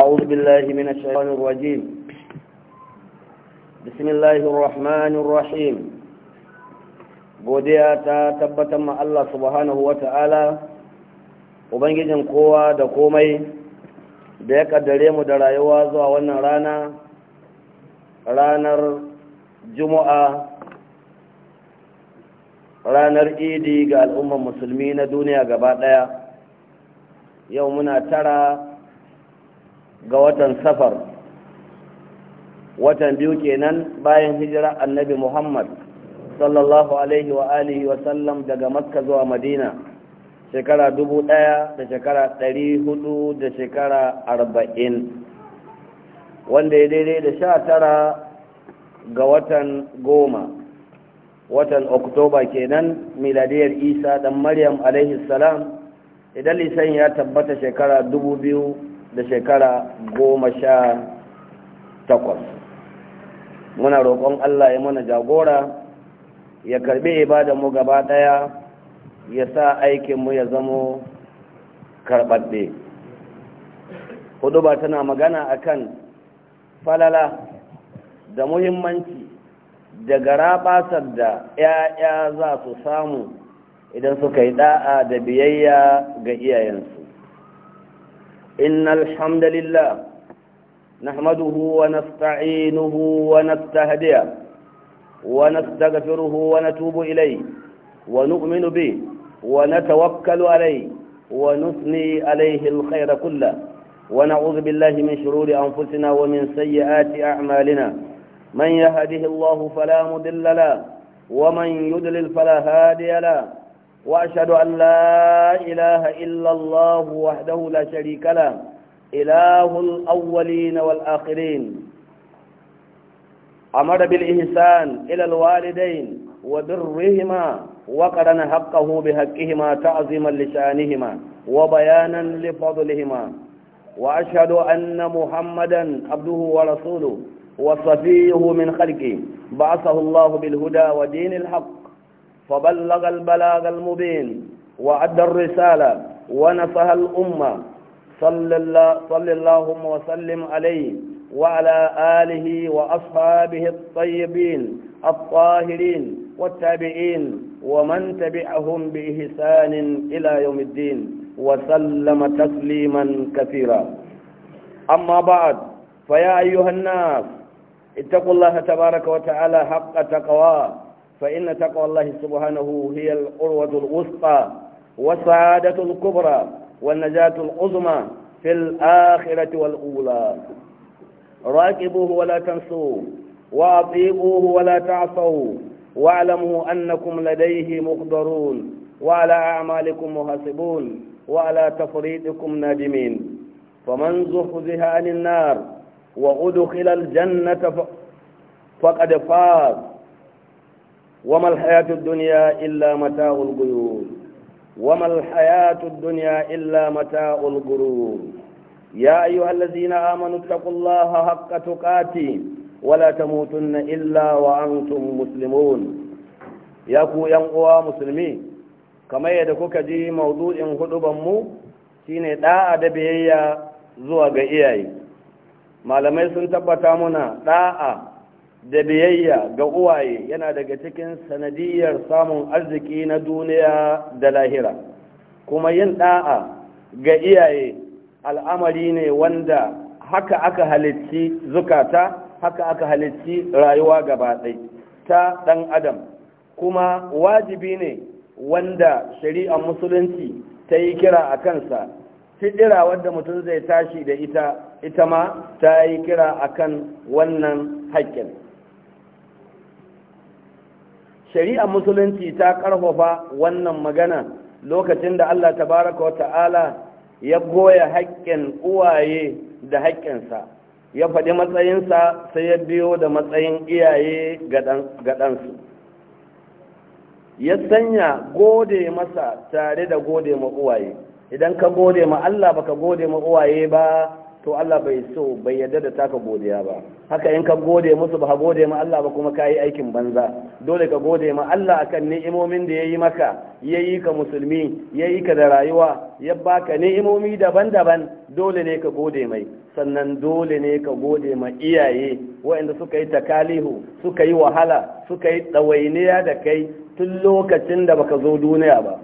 أعوذ بالله من الشيطان الرجيم بسم الله الرحمن الرحيم godiya ta tabbatar ma Allah subhanahu wa ta'ala ubangijin kowa da komai da ya kaddare mu da rayuwa zuwa wannan rana ranar juma'a ranar idi ga al'ummar musulmi na duniya gaba ɗaya yau muna tara ga watan safar watan biyu kenan bayan hijira annabi muhammad sallallahu alaihi wa alihi wa sallam daga makka zuwa madina shekara dubu ɗaya da shekara ɗari hudu da shekara arba'in wanda ya daidai da sha tara ga watan goma watan oktoba kenan miladiyar isa dan maryam alaihi salam idan lisan ya tabbata shekara dubu biyu da shekara goma sha takwas muna roƙon Allah ya mana jagora ya karɓi mu gaba ɗaya ya sa aikinmu ya zamo karɓaɗe hudu ba tana magana akan falala da muhimmanci da garaɓasar da 'ya'ya za su samu idan suka yi ɗa'a da biyayya ga iyayensu إن الحمد لله نحمده ونستعينه ونستهديه ونستغفره ونتوب إليه ونؤمن به ونتوكل عليه ونثني عليه الخير كله ونعوذ بالله من شرور أنفسنا ومن سيئات أعمالنا من يهده الله فلا مضل له ومن يضلل فلا هادي له وأشهد أن لا إله إلا الله وحده لا شريك له إله الأولين والآخرين أمر بالإحسان إلى الوالدين وبرهما وقرن حقه بحقهما تعظيما لشانهما وبيانا لفضلهما وأشهد أن محمدا عبده ورسوله وصفيه من خلقه بعثه الله بالهدى ودين الحق فبلغ البلاغ المبين وعد الرسالة ونفها الأمة صلى الله صل اللهم وسلم عليه وعلى آله وأصحابه الطيبين الطاهرين والتابعين ومن تبعهم بإحسان إلى يوم الدين وسلم تسليما كثيرا أما بعد فيا أيها الناس اتقوا الله تبارك وتعالى حق تقواه فإن تقوى الله سبحانه هي القروة الوسطى والسعادة الكبرى والنجاة العظمى في الآخرة والأولى راكبوه ولا تنسوه وأطيبوه ولا تعصوه واعلموا أنكم لديه مقدرون وعلى أعمالكم محاسبون وعلى تفريطكم نادمين فمن زحزح عن النار وأدخل الجنة فقد فاز وما الحياة الدنيا إلا متاع الغيور وما الحياة الدنيا إلا متاع الغرور يا أيها الذين آمنوا اتقوا الله حق تقاته ولا تموتن إلا وأنتم مسلمون يا كو ينقوى مسلمين كما يدكوك جي موضوع خطبا مو shine da'a da biyayya zuwa ga iyaye malamai sun tabbata muna da'a da biyayya ga uwaye yana daga cikin sanadiyar samun arziki na duniya da lahira kuma yin da'a ga iyaye al'amari ne wanda haka aka halicci zukata haka aka halicci rayuwa gaba ta ɗan adam kuma wajibi ne wanda shari'ar musulunci ta yi kira a kansa fiɗira wadda mutum zai tashi da ita ita ma ta yi kira a kan wannan haƙƙin shari'a musulunci ta karfafa wannan magana lokacin da Allah tabaraka wata'ala ya goya haƙƙin uwaye da haƙƙinsa ya faɗi matsayinsa sai ya biyo da matsayin iyaye ga ɗansu ya sanya gode masa tare da gode ma uwaye idan ka gode ma Allah ba ka gode ma uwaye ba to Allah bai so bai yarda da taka godiya ba haka in ka gode musu ba gode ma Allah ba kuma ka aikin banza dole ka gode ma Allah akan ni'imomin da yayi maka yayi ka musulmi yayi ka da rayuwa ya baka ni'imomi daban-daban dole ne ka gode mai sannan dole ne ka gode ma iyaye waɗanda suka yi takalihu suka yi wahala suka yi ɗawainiya da kai tun lokacin da baka zo duniya ba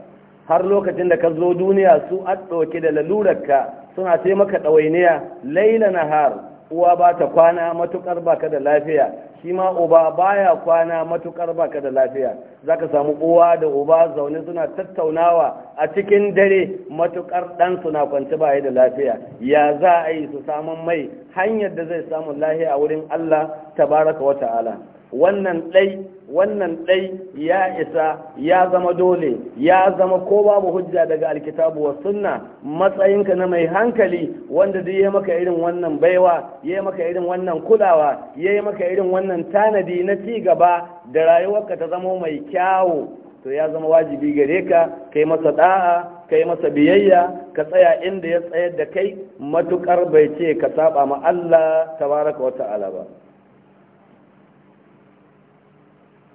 har lokacin da ka zo duniya su a ɗauke da lalurarka suna ce maka ɗawainiya laila nahar uwa ba ta kwana matukar baka da lafiya shi ma uba baya kwana matukar baka da lafiya zaka samu uwa da uba zaune suna tattaunawa a cikin dare matuƙar ɗan suna kwanci ba da lafiya ya za a yi su samun mai hanyar da zai samu lahiya a wurin Allah tabaraka baraka ta'ala wannan ɗai wannan ɗai ya isa ya zama dole ya zama ko babu hujja daga alkitabu wa sunna matsayinka na mai hankali wanda duk ya maka irin wannan baiwa ya maka irin wannan kulawa ya maka irin wannan tanadi na ci gaba da rayuwarka ta zama mai kyawu to ya zama wajibi gare ka kai masa da'a kai masa biyayya ka tsaya inda ya tsayar da kai matukar bai ce ka saba ma Allah tabaraka wa ta'ala ba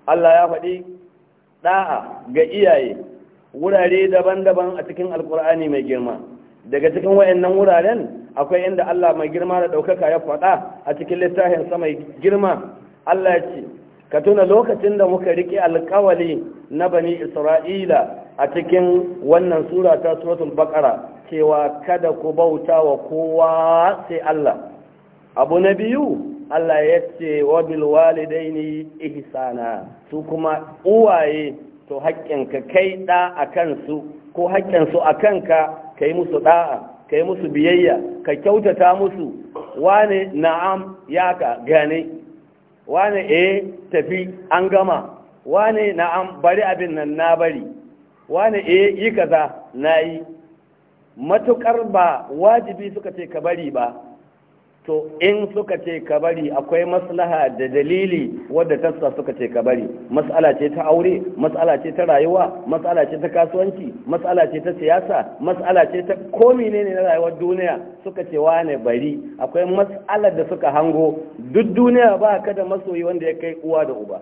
Allah ya faɗi ɗa'a ga iyaye wurare daban-daban a cikin alkur'ani mai girma daga cikin nan wuraren akwai inda Allah mai girma da ɗaukaka ya faɗa a cikin littafin mai girma Allah ya ce ka tuna lokacin da muka riƙe alƙawali na bani isra'ila a cikin wannan sura ta suratul bakara cewa kada ku bauta wa kowa sai Allah abu na biyu Allah ya ce wa bil walidaini ihsana su kuma uwaye to ka kai da akan su ko haƙƙinsu akan ka kai musu da'a kai musu biyayya ka kyautata musu wane na'am yaka gane wane eh tafi an gama wane na'am bari abin nan na bari wane eh yi kaza nayi Matuƙar ba wajibi suka ce ka bari ba to in suka ce ka bari akwai maslaha da dalili wadda tassa suka ce ka bari matsala ce ta aure matsala ce ta rayuwa matsala ce ta kasuwanci matsala ce ta siyasa matsala ce ta komi ne na rayuwar duniya suka ce wane bari akwai matsalar da suka hango duk duniya ba ka da masoyi wanda ya kai uwa da uba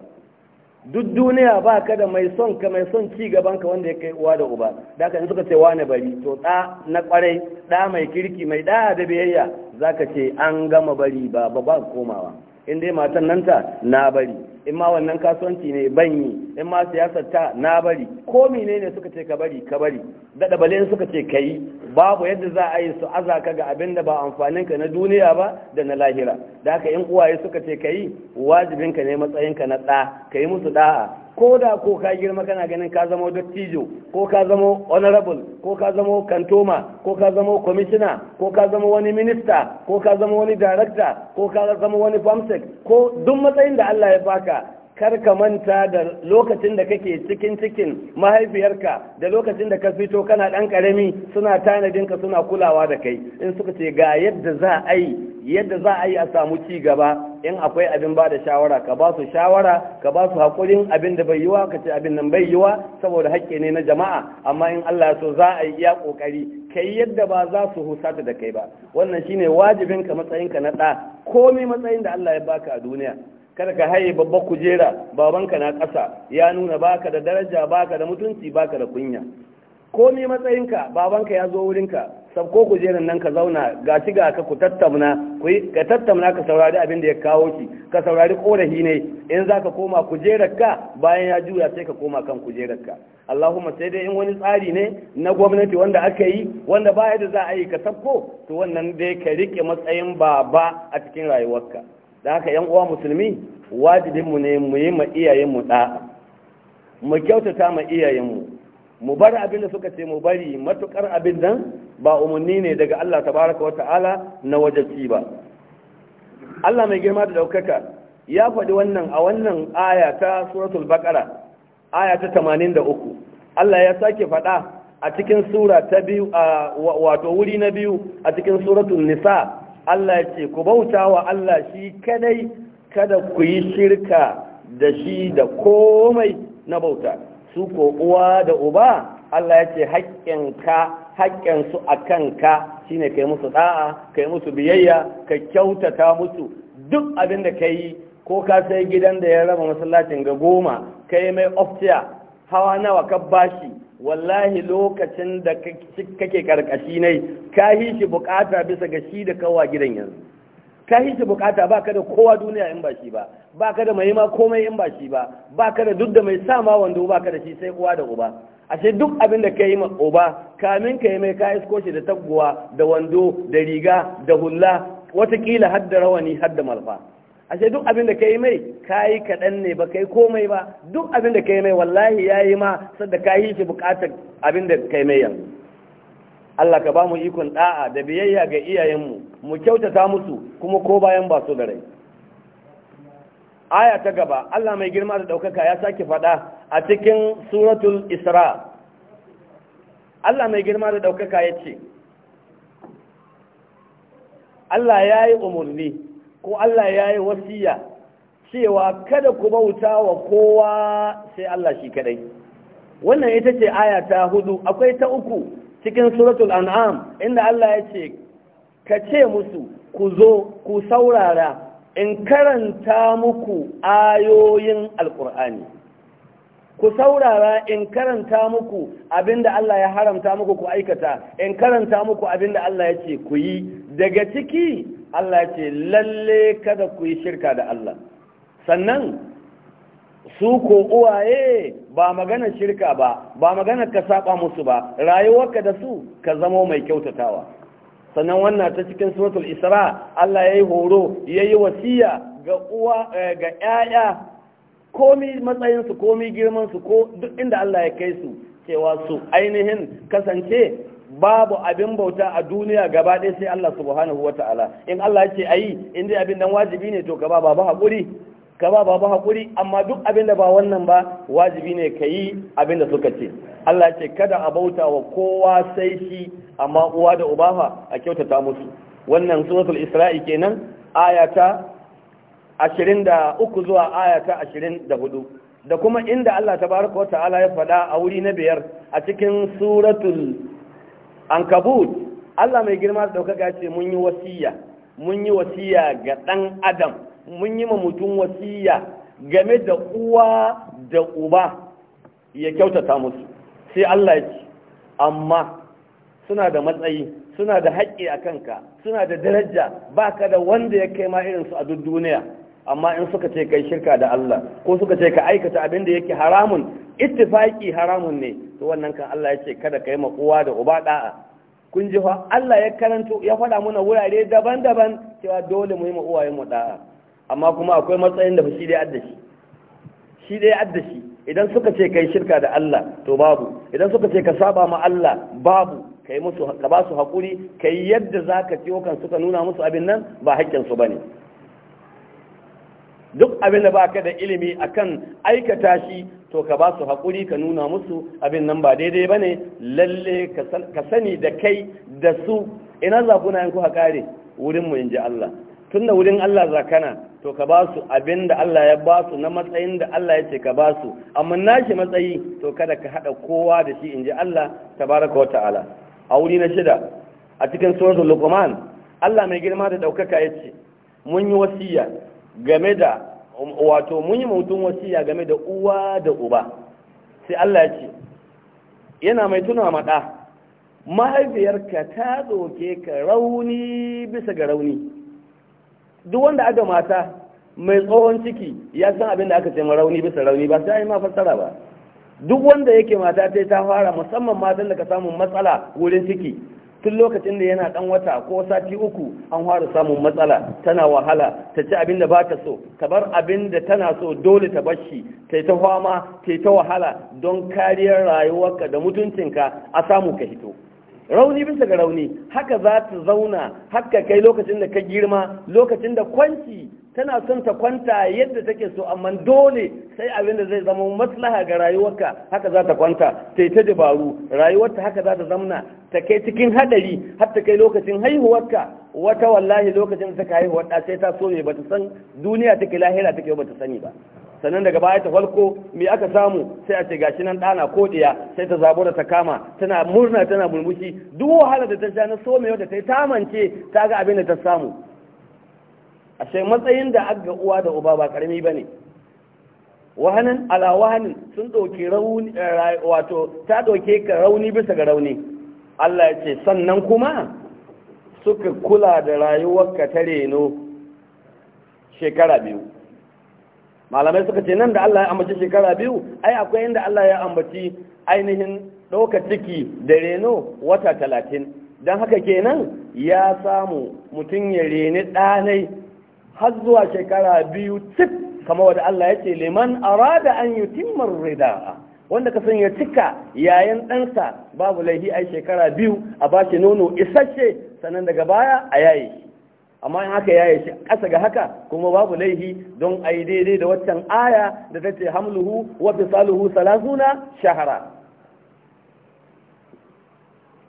duk duniya ba ka da mai son ka mai son ci gaban ka wanda ya kai uwa da uba da ka in suka ce wane bari to ɗa na kwarai ɗa mai kirki mai ɗa da biyayya za ka ce an gama bari ba ba ba komawa in dai matan nan ta na bari in ma wannan kasuwanci ne banyi in ma siyasar ta na bari ko mIne ne suka ce ka bari ka bari daɗa bale suka ce ka yi babu yadda za a yi su azaka ga abin da ba amfanin ka na duniya ba da na lahira da haka in uwaye suka ce ka yi wajibin ne matsayin ka na ɗa ka yi musu ɗa'a ko da ko ka girma kana ganin ka zama dattijo ko ka zama honorable ko ka zama kantoma ko ka zama kwamishina ko ka zama wani minista ko ka zama wani darakta ko ka zama wani famsek ko duk matsayin da Allah ya baka kar ka manta da lokacin da kake cikin cikin mahaifiyarka da lokacin da ka fito kana ɗan karami suna tanadin ka suna kulawa da kai in suka ce ga yadda za a yi yadda za a yi a samu ci gaba in akwai abin ba da shawara ka ba su shawara ka ba su haƙurin abin da bai yiwa ka ce abin nan bai yiwa saboda haƙƙi ne na jama'a amma in Allah ya so za a yi iya kokari kai yadda ba za su husata da kai ba wannan shine wajibin wajibinka matsayinka na ɗa komai matsayin da Allah ya baka a duniya kada ka haye babbar kujera babanka na ƙasa ya nuna baka da daraja baka da mutunci baka da kunya Ko komi matsayinka babanka ya zo wurinka ko kujeran nan ka zauna ga shi ga ka ku tattauna ku ka tattauna ka saurari abin da ya kawo ki ka saurari korahi ne in zaka koma ka, bayan ya juya sai ka koma kan ka. Allahumma sai dai in wani tsari ne na gwamnati wanda aka yi wanda baya da za a yi ka sabko to wannan dai ka rike matsayin baba a cikin rayuwarka da haka yan uwa musulmi mu ne mu yi ma iyayenmu da mu kyautata ma iyayenmu mu bar abin da suka ce mu bari matukar abin nan ba umarni ne daga Allah tabaraka wata'ala na wajabci ba Allah mai girma da daukaka ya faɗi wannan a wannan aya ta suratul baqara aya ta 83 Allah ya sake faɗa a cikin sura ta biyu wato wuri na biyu a cikin suratul nisa Allah ya ce ku bauta wa Allah shi kadai kada ku yi shirka da shi da komai na bauta su ko uwa da uba Allah ya ce haƙƙinka su akan ka shine kai musu da'a kai musu biyayya ka kyautata musu duk abin da ka yi ko ka sai gidan da ya raba masallacin ga goma ka yi mai oftiya hawa nawa ka bashi wallahi lokacin da kake karkashi ne ka yi shi bukata bisa ga shi da kawa gidan yanzu ka yi shi bukata baka da kowa duniya in ba shi ba baka da mai komai in ba shi ba baka da duk da mai sa ma wando baka da shi sai uwa da uba ashe duk abin da ka yi ma uba kamin ka yi mai ka isko shi da taguwa da wando da riga da hulla watakila har da rawani har da malfa ashe duk abin da ka yi mai ka yi kaɗan ne ba kai komai ba duk abin da ka yi mai wallahi ya yi ma sadda ka yi shi buƙatar abin da ka yi mai yanzu Allah ka ba mu ikon ɗa'a da biyayya ga iyayenmu mu kyautata musu kuma ko bayan ba su da rai aya ta gaba Allah mai girma da ɗaukaka ya sake faɗa a cikin suratul isra Allah mai girma da ɗaukaka ya ce Allah ya yi umarni ko Allah ya yi wasiya cewa kada ku bauta wa kowa sai Allah shi kadai wannan ita ce aya ta hudu akwai ta uku cikin suratul an'am inda Allah ya ce ka ce musu ku zo ku saurara in karanta muku ayoyin alkur'ani ku saurara in karanta muku abinda Allah ya haramta muku ku aikata in karanta muku abinda Allah ya ce ku yi daga ciki Allah ya ce lalle kada ku yi shirka da Allah sannan su ko uwaye ba magana shirka ba ba magana ka saba musu ba rayuwarka da su ka zama mai kyautatawa sannan wannan ta cikin suratul isra Allah ya yi horo yayi wasiya ga uwa eh, ga yaya komi matsayin su komi girman su ko duk inda Allah ya kai su cewa su ainihin kasance babu abin bauta a duniya gaba ɗaya sai Allah subhanahu ta'ala in Allah ce ayi in dai abin nan wajibi ne to ka ba babu hakuri ka babu hakuri amma duk abin da ba wannan ba wajibi ne ka yi abin da suka ce Allah ce kada a bauta wa kowa sai shi amma uwa da uba fa a kyautata musu wannan suratul isra'i kenan ayata 23 zuwa ayata 24 da kuma inda Allah tabaraka wa ta'ala ya faɗa a wuri na biyar a cikin suratul ankabut Allah mai girma da ɗaukaka ce mun yi wasiya mun yi wasiya ga ɗan adam mun yi mutum wasiya game da uwa da uba ya kyautata musu sai Allah ya ce amma suna da matsayi suna da haƙƙi a kanka suna da daraja ba ka da wanda ya kai ma irinsu a duk duniya amma in suka ce kai shirka da Allah ko suka ce ka aikata abin da yake haramun ittifaki haramun ne to wannan kan Allah ya ce kada kai ma kowa da uba da'a kun ji fa Allah ya karanto ya faɗa mana wurare daban-daban cewa dole mu yi ma uwayen mu da'a amma kuma akwai matsayin da shi dai addashi shi dai addashi idan suka ce kai shirka da Allah to babu idan suka ce ka saba ma Allah babu kai musu ka ba su hakuri kai yadda zaka ciwo kan suka nuna musu abin nan ba haƙƙin su bane duk abin da baka da ilimi akan aikata shi to ka ba su haƙuri ka nuna musu abin nan ba daidai ba ne lalle ka sani da kai da su ina za kuna yin ha kare wurin in ji Allah tun da wurin Allah za kana to ka ba su abin da Allah ya ba su na matsayin da Allah ya ce ka ba su amma nashi matsayi to kada ka haɗa kowa da shi in ji Allah tabaraka wa ta'ala a wuri na shida a cikin suratul luqman Allah mai girma da ɗaukaka ya ce mun yi wasiya game da wato mun yi mutum wasiya game da uwa da uba sai Allah ya ce yana mai tuna maɗa mahaifiyarka ta doke ka rauni bisa ga rauni duk wanda aka mata mai tsohon ciki ya san abin da aka ce ma rauni bisa rauni ba sai ma fassara ba duk wanda yake mata ta ta fara musamman matan da ka samu matsala wurin ciki tun lokacin da yana ɗan wata ko sati uku an fara samun matsala tana wahala ta ci abin da ba ta so ta bar abin da tana so dole ta bar shi ta ta fama ta ta wahala don kariyar rayuwarka da mutuncinka a samu ka hito rauni bisa ga rauni haka za ta zauna haka kai lokacin da ka girma lokacin da kwanci tana son ta kwanta yadda take so amma dole sai abin da zai zama maslaha ga rayuwarka haka za ta kwanta ta ta dabaru rayuwarta haka za ta zamna ta kai cikin hadari har ta kai lokacin haihuwarka wata wallahi lokacin da ta haihuwar da sai ta so ne bata san duniya take lahira take bata sani ba sannan daga baya ta falko me aka samu sai a ce gashi nan dana ko diya sai ta zabura ta kama tana murna tana murmushi duk wahala da ta sha na so wata sai ta yi tamance ta ga abin da ta samu ashe matsayin da aga uwa da uba ba karami ba ne wahanin ala wahanin sun ɗauki rauni eh, wato ta ɗauke ka rauni bisa ga rauni Allah ya ce sannan kuma suka kula da rayuwarka ta reno shekara biyu malamai suka ce nan da Allah ya ambaci shekara biyu ai akwai inda Allah ya ambaci ainihin ɗauka ciki da reno wata talatin don haka kenan ya samu mutum ya reni ɗanai har zuwa shekara biyu tip kama wadda Allah ya ce liman arada an yi timmar rida'a wanda ka sanya cika yayin ɗansa babu laifi a shekara biyu a ba shi nono isasshe sannan daga baya a yaye shi amma in haka yaye shi ƙasa ga haka kuma babu laifi don a yi daidai da waccan aya da ta ce hamluhu wa fisaluhu salasuna shahara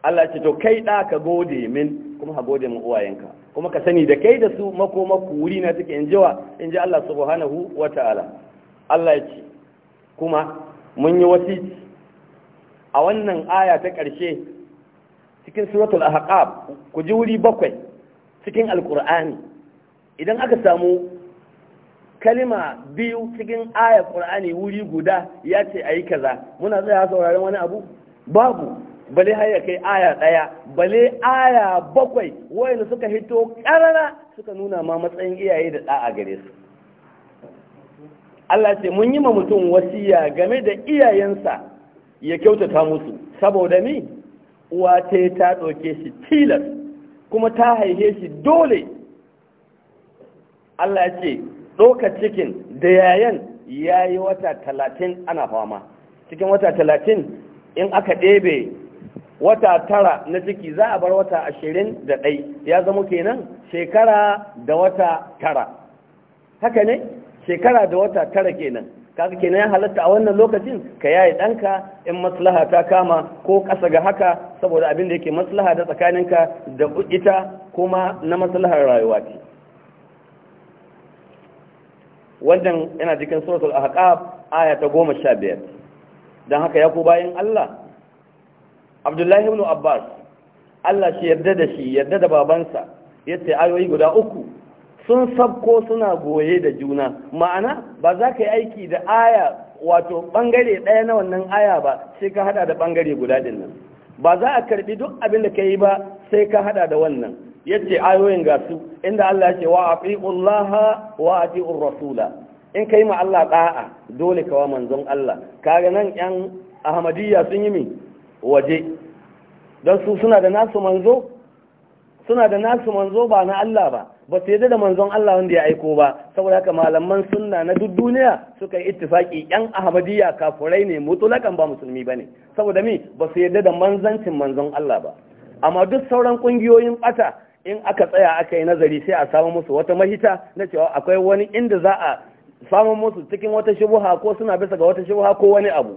Allah ce to kai ɗa ka gode min kuma ha gode mu uwayenka kuma ka sani da kai da su makoma ku wuri na take in jiwa in ji Allah subhanahu wa ta'ala Allah ya ce kuma mun yi wasici a wannan aya ta ƙarshe cikin suratul ahqab ku ji wuri bakwai cikin alqur'ani idan aka samu kalima biyu cikin aya qur'ani wuri guda ya ce ayi kaza muna tsaya sauraron wani abu babu bale har ya kai aya ɗaya bale aya bakwai wayanda suka hito ƙarara suka nuna ma matsayin iyaye da a gare su Allah ce mun yi ma mutum wasiya game da iyayensa ya kyautata musu saboda ni uwa ta ta ɗauke shi tilas kuma ta haife shi dole Allah ce ɗaukar cikin da yayan ya yi wata talatin ana fama cikin wata talatin in aka ɗebe wata tara na ciki za a bar wata ashirin da ɗai ya zama kenan shekara da wata tara haka ne shekara da wata tara kenan kaga kenan ya halatta a wannan lokacin ka yaye ɗanka in maslaha ta kama ko ƙasa ga haka saboda abin da yake maslaha da tsakaninka da ita kuma na maslahar rayuwa ce wannan yana jikin suratul ahqaf aya ta goma sha biyar don haka ya ku bayan allah abdullahi ibn abbas Allah shi yarda da shi yarda da babansa yace ayoyi guda uku sun sabko suna goye da juna ma'ana ba za ka yi aiki da aya wato bangare ɗaya na wannan aya ba sai ka hada da bangare guda din nan ba za a karbi duk abin da ka yi ba sai ka hada da wannan yace ayoyin ga su inda Allah ya ce wa atiullaha wa atiur rasula in kai ma Allah da'a dole ka wa manzon Allah kaga nan yan ahmadiyya sun yi min waje don su suna da nasu manzo suna da nasu manzo ba na Allah ba ba su yadda da manzon Allah wanda ya aiko ba saboda haka malaman sunna na duk duniya suka yi ittifaki yan ahmadiyya kafurai ne mutulakan ba musulmi ba ne saboda mi ba su yadda da manzancin manzon Allah ba amma duk sauran kungiyoyin bata in aka tsaya aka yi nazari sai a samu musu wata mahita na cewa akwai wani inda za a samu musu cikin wata shubuha ko suna bisa ga wata shubuha ko wani abu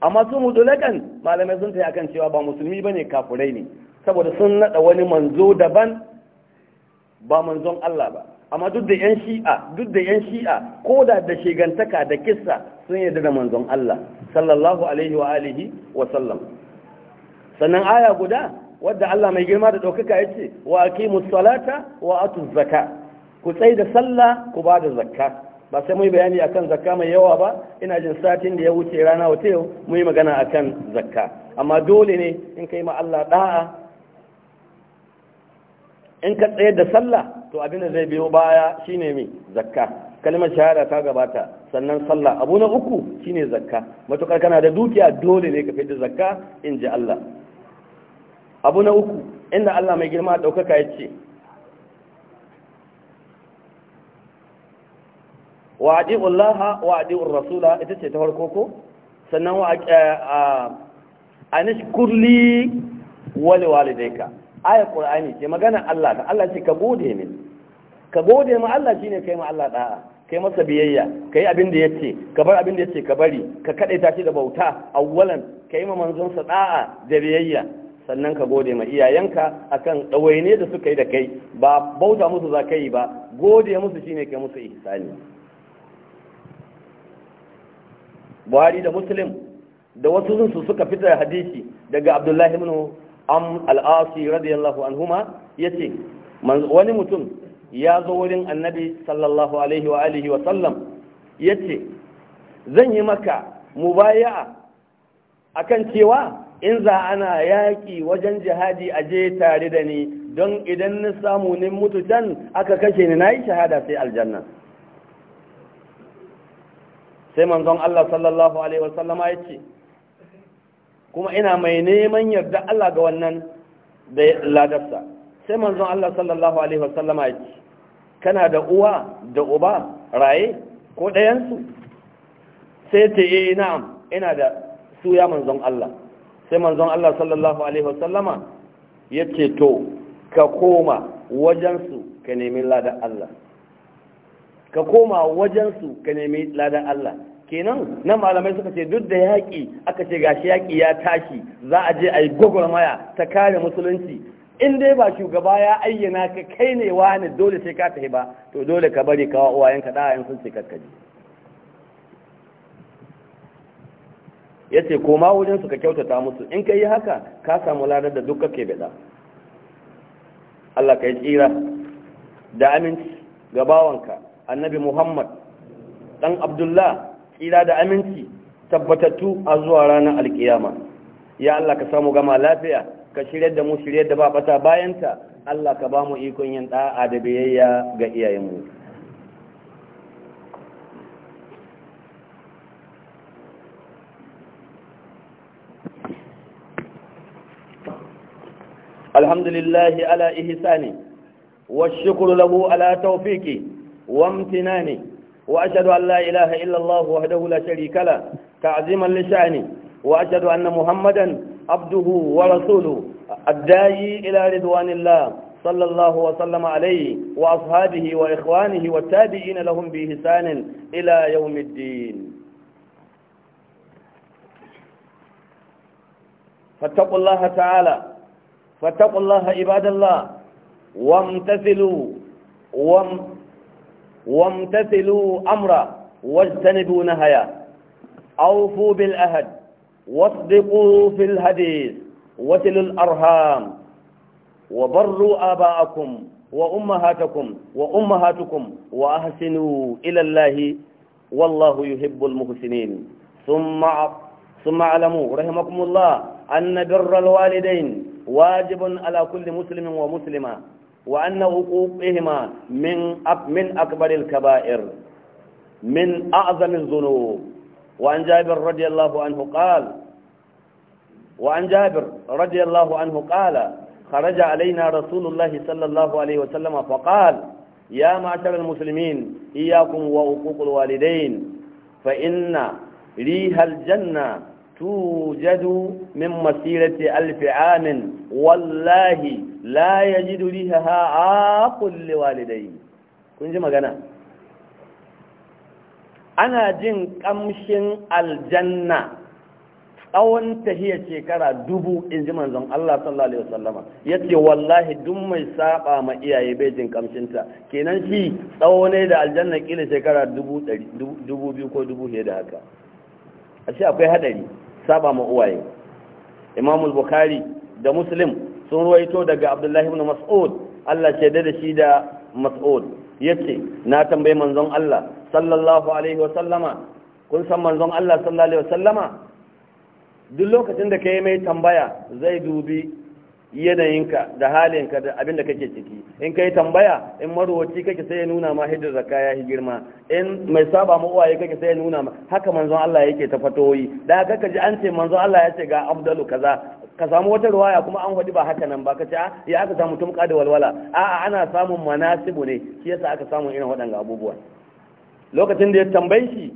amma su mutulakan malamai sun taya akan cewa ba musulmi bane kafurai ne saboda sun nada wani manzo daban ba manzon Allah ba amma duk da yan shi'a duk da yan shi'a ko da da shegantaka da kissa sun yarda da manzon Allah sallallahu alaihi wa alihi wa sallam sannan aya guda wadda Allah mai girma da ɗaukaka yace ce wa aqimus salata wa atuz zakat ku tsai da sallah ku ba da zakka ba sai mun bayani akan zakka mai yawa ba ina jin satin da ya wuce rana wata yau mun yi magana akan zakka amma dole ne in kai ma Allah da'a in ka tsayar da sallah to abin da zai biyo baya shine mai zakka kalmar shahada ta gabata sannan sallah abu na uku shine zakka matukar kana da dukiya dole ne ka da zakka in ji Allah abu na uku inda Allah mai girma daukaka ya ce wa adi'un laha wa rasula ita ce ta farko ko sannan wa eh, a ah, nishkurli wali walidaika aya qur'ani ce magana Allah ta Allah ce ka gode min ka gode ma Allah shine kai ma Allah da'a kai masa biyayya kai abin da yace ka bar abin da yace ka bari ka ta shi da bauta awwalan kai ma manzon sa da'a da biyayya sannan ka gode ma iyayenka akan dawaine da suka yi da kai ba bauta musu za ka yi ba gode musu shine kai musu ihsani buhari da muslim da wasu sun su suka fitar hadisi daga abdullahi ibn am al-asi radiyallahu anhuma yace wani mutum ya zo wurin annabi sallallahu alaihi wa alihi wa sallam yace zan yi maka mubaya'a akan cewa in za ana yaƙi wajen jihadi a je tare da ni don idan na samu ni mutu can aka kashe ni na yi shahada sai aljanna sai manzon Allah sallallahu alaihi wasallama ya ce kuma ina mai neman yarda Allah ga wannan da ladarsa sai manzon Allah sallallahu alaihi wasallama ya ce kana da uwa da uba raye ko ɗayansu sai ta yi eh, na'am ina da su ya manzon Allah sai manzon Allah sallallahu alaihi wasallama ya ce to ka koma wajensu ka nemi ladar Allah ka koma wajensu ka nemi ladan Allah kenan nan malamai suka ce duk da yaƙi aka ce gashi yaƙi ya tashi za a je a yi gwagwarmaya ta kare musulunci in dai ba shugaba ya ayyana ka kai ne wani dole sai ka tafi ba to dole ka bari kawa ɗaya in sun ce kakkaji ya ce koma wajen su ka kyautata musu in ka yi haka ka samu ladar da duk kake bida Allah ka yi tsira da aminci ga bawanka annabi muhammad ɗan abdullah tsira da aminci tabbatattu a zuwa ranar alkiyama ya Allah ka samu gama lafiya ka shirya da mu shirya da ba bata bayanta Allah ka ba mu ikon yin da'a da biyayya ga iyayenmu alhamdulillahi ala ihsani والشكر له على توفيقه وامتناني وأشهد أن لا إله إلا الله وحده لا شريك له تعظيما لشأني وأشهد أن محمدا عبده ورسوله الداعي إلى رضوان الله صلى الله وسلم عليه وأصحابه وإخوانه والتابعين لهم بإحسان إلى يوم الدين فاتقوا الله تعالى فاتقوا الله عباد الله وامتثلوا وامتثلوا وامتثلوا أمرا واجتنبوا نهيا أوفوا بالأهد واصدقوا في الحديث وتلوا الأرهام وبروا آباءكم وأمهاتكم وأمهاتكم وأحسنوا إلى الله والله يحب المحسنين ثم ثم اعلموا رحمكم الله أن بر الوالدين واجب على كل مسلم ومسلمة وأن وقوقهما من من أكبر الكبائر من أعظم الذنوب وعن جابر رضي الله عنه قال وعن جابر رضي الله عنه قال خرج علينا رسول الله صلى الله عليه وسلم فقال يا معشر المسلمين إياكم وعقوق الوالدين فإن ريح الجنة توجد من مسيرة ألف عام والله la ya ji ha a kulle walidai kun ji magana ana jin kamshin aljanna tsawon tahiyar shekara dubu in ji manzon Allah sallallahu alaihi wasallama yace wallahi duk mai saba ma iyaye bai jin kamshinta kenan shi tsawo da aljanna kila shekara dubu dubu biyu ko dubu da haka ashe akwai hadari saba ma uwaye imamul Bukhari da Muslim sun ruwaito daga abdullahi ibn mas'ud Allah ce da shi da mas'ud yace na tambayi manzon Allah sallallahu alaihi wa sallama kun san manzon Allah sallallahu alaihi wa sallama duk lokacin da kai mai tambaya zai dubi yanayinka da halinka da abin da kake ciki in kai tambaya in marwaci kake sai ya nuna ma hidda zakka ya girma in mai saba ma uwaye kake sai ya nuna ma haka manzon Allah yake ta fatoyi da ka ji an ce manzon Allah ya ce ga abdalu kaza ka samu wata ruwaya kuma an wadi ba haka nan ba ka ce ah, ya aka samu tumka da walwala a'a ana samun manasibu ne shi yasa aka samu irin waɗanga abubuwa lokacin da ya tambayi shi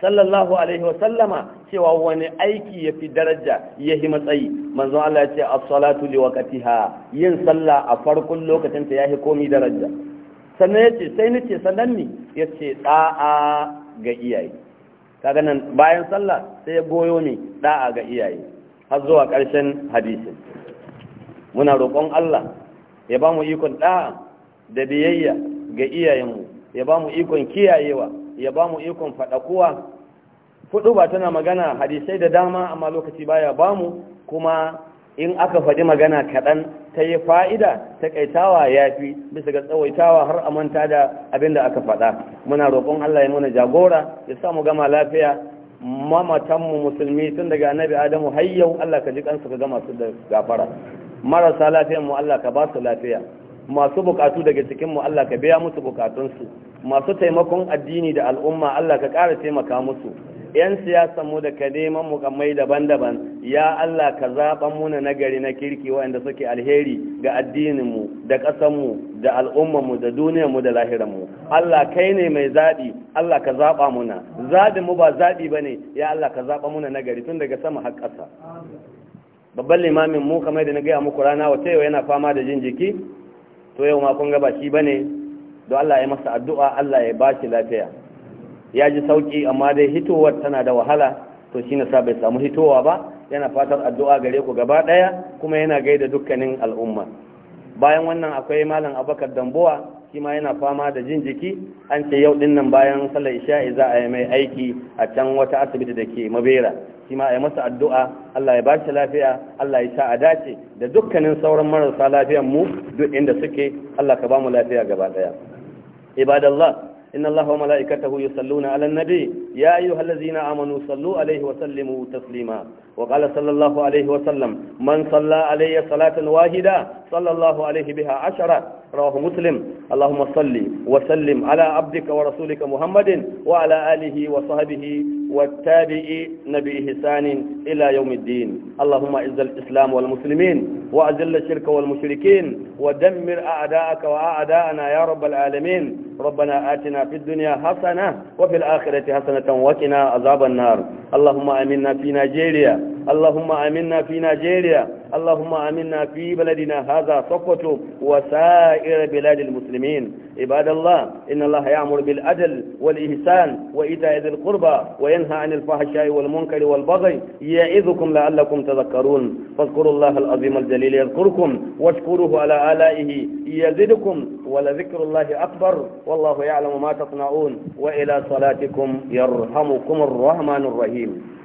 sallallahu alaihi wa sallama cewa wani aiki ya fi daraja ya yi matsayi manzon Allah ya ce as-salatu li waqtiha yin sallah a farkon lokacin ta yahi komi daraja sannan ya ce sai nace sannan ni ya ce da'a ga iyaye kaga nan bayan sallah sai ya goyo ni da'a ga iyaye har zuwa ƙarshen hadisin muna roƙon Allah ya ba mu ikon ɗa'a da biyayya ga iyayenmu ya ba mu ikon kiyayewa ya ba mu ikon faɗaƙuwa fudu ba tana magana hadisai da dama amma lokaci baya ba mu kuma in aka faɗi magana kaɗan ta yi fa'ida taƙaitawa ya fi bisa ga tsawaitawa har a manta da abinda aka faɗa muna roƙon Allah ya nuna jagora ya sa mu gama lafiya mamatanmu musulmi tun daga annabi adamu hayyau Allah ka ji kansu ka gama su da gafara marasa lafiyar mu Allah ka ba su lafiya masu bukatu daga cikin mu Allah ka biya musu bukatunsu masu taimakon addini da al'umma Allah ka ƙara taimaka musu yan siyasa mu da ka mukammai daban-daban ya Allah ka zaɓan na nagari na kirki waɗanda suke alheri ga addininmu da ƙasanmu da al'ummarmu da duniyarmu da lahiranmu Allah kai ne mai zaɓi Allah ka zaɓa muna zaɓinmu ba zaɓi ba ne ya Allah ka zaɓa muna nagari tun daga sama har ƙasa babban limamin mu kamar da na gaya muku rana wata yau yana fama da jin jiki to yau ma kun ga ba shi bane don Allah ya masa addu'a Allah ya ba shi lafiya ya ji sauki amma dai hitowar tana da wahala to shi sa bai samu hitowa ba yana fatar addu'a gare ku gaba ɗaya kuma yana gaida dukkanin al'umma bayan wannan akwai malam abakar damboa shi ma yana fama da jin jiki an ce yau din nan bayan sallar isha'i za a yi mai aiki a can wata asibiti da ke mabera shi ma a yi masa addu'a Allah ya bashi lafiya Allah ya sa a dace da dukkanin sauran marasa lafiyan mu duk inda suke Allah ka ba mu lafiya gaba ɗaya. ibadallah إن الله وملائكته يصلون على النبي يا أيها الذين آمنوا صلوا عليه وسلموا تسليما وقال صلى الله عليه وسلم من صلى علي صلاة واحدة صلى الله عليه بها عشرة رواه مسلم اللهم صل وسلم على عبدك ورسولك محمد وعلى آله وصحبه والتابع نبي إحسان إلى يوم الدين اللهم اعز الإسلام والمسلمين وأذل الشرك والمشركين ودمر أعداءك وأعداءنا يا رب العالمين ربنا آتنا في الدنيا حسنة وفي الآخرة حسنة وقنا عذاب النار اللهم آمنا في نيجيريا اللهم آمنا في نيجيريا اللهم آمنا في بلدنا هذا صفوة وسائر بلاد المسلمين عباد الله إن الله يعمر بالأدل والإحسان وإيتاء ذي القربى وينهى عن الفحشاء والمنكر والبغي يعظكم لعلكم تذكرون فاذكروا الله العظيم الجليل يذكركم واشكروه على آلائه يزدكم ولذكر الله أكبر والله يعلم ما تصنعون وإلى صلاتكم يرحمكم الرحمن الرحيم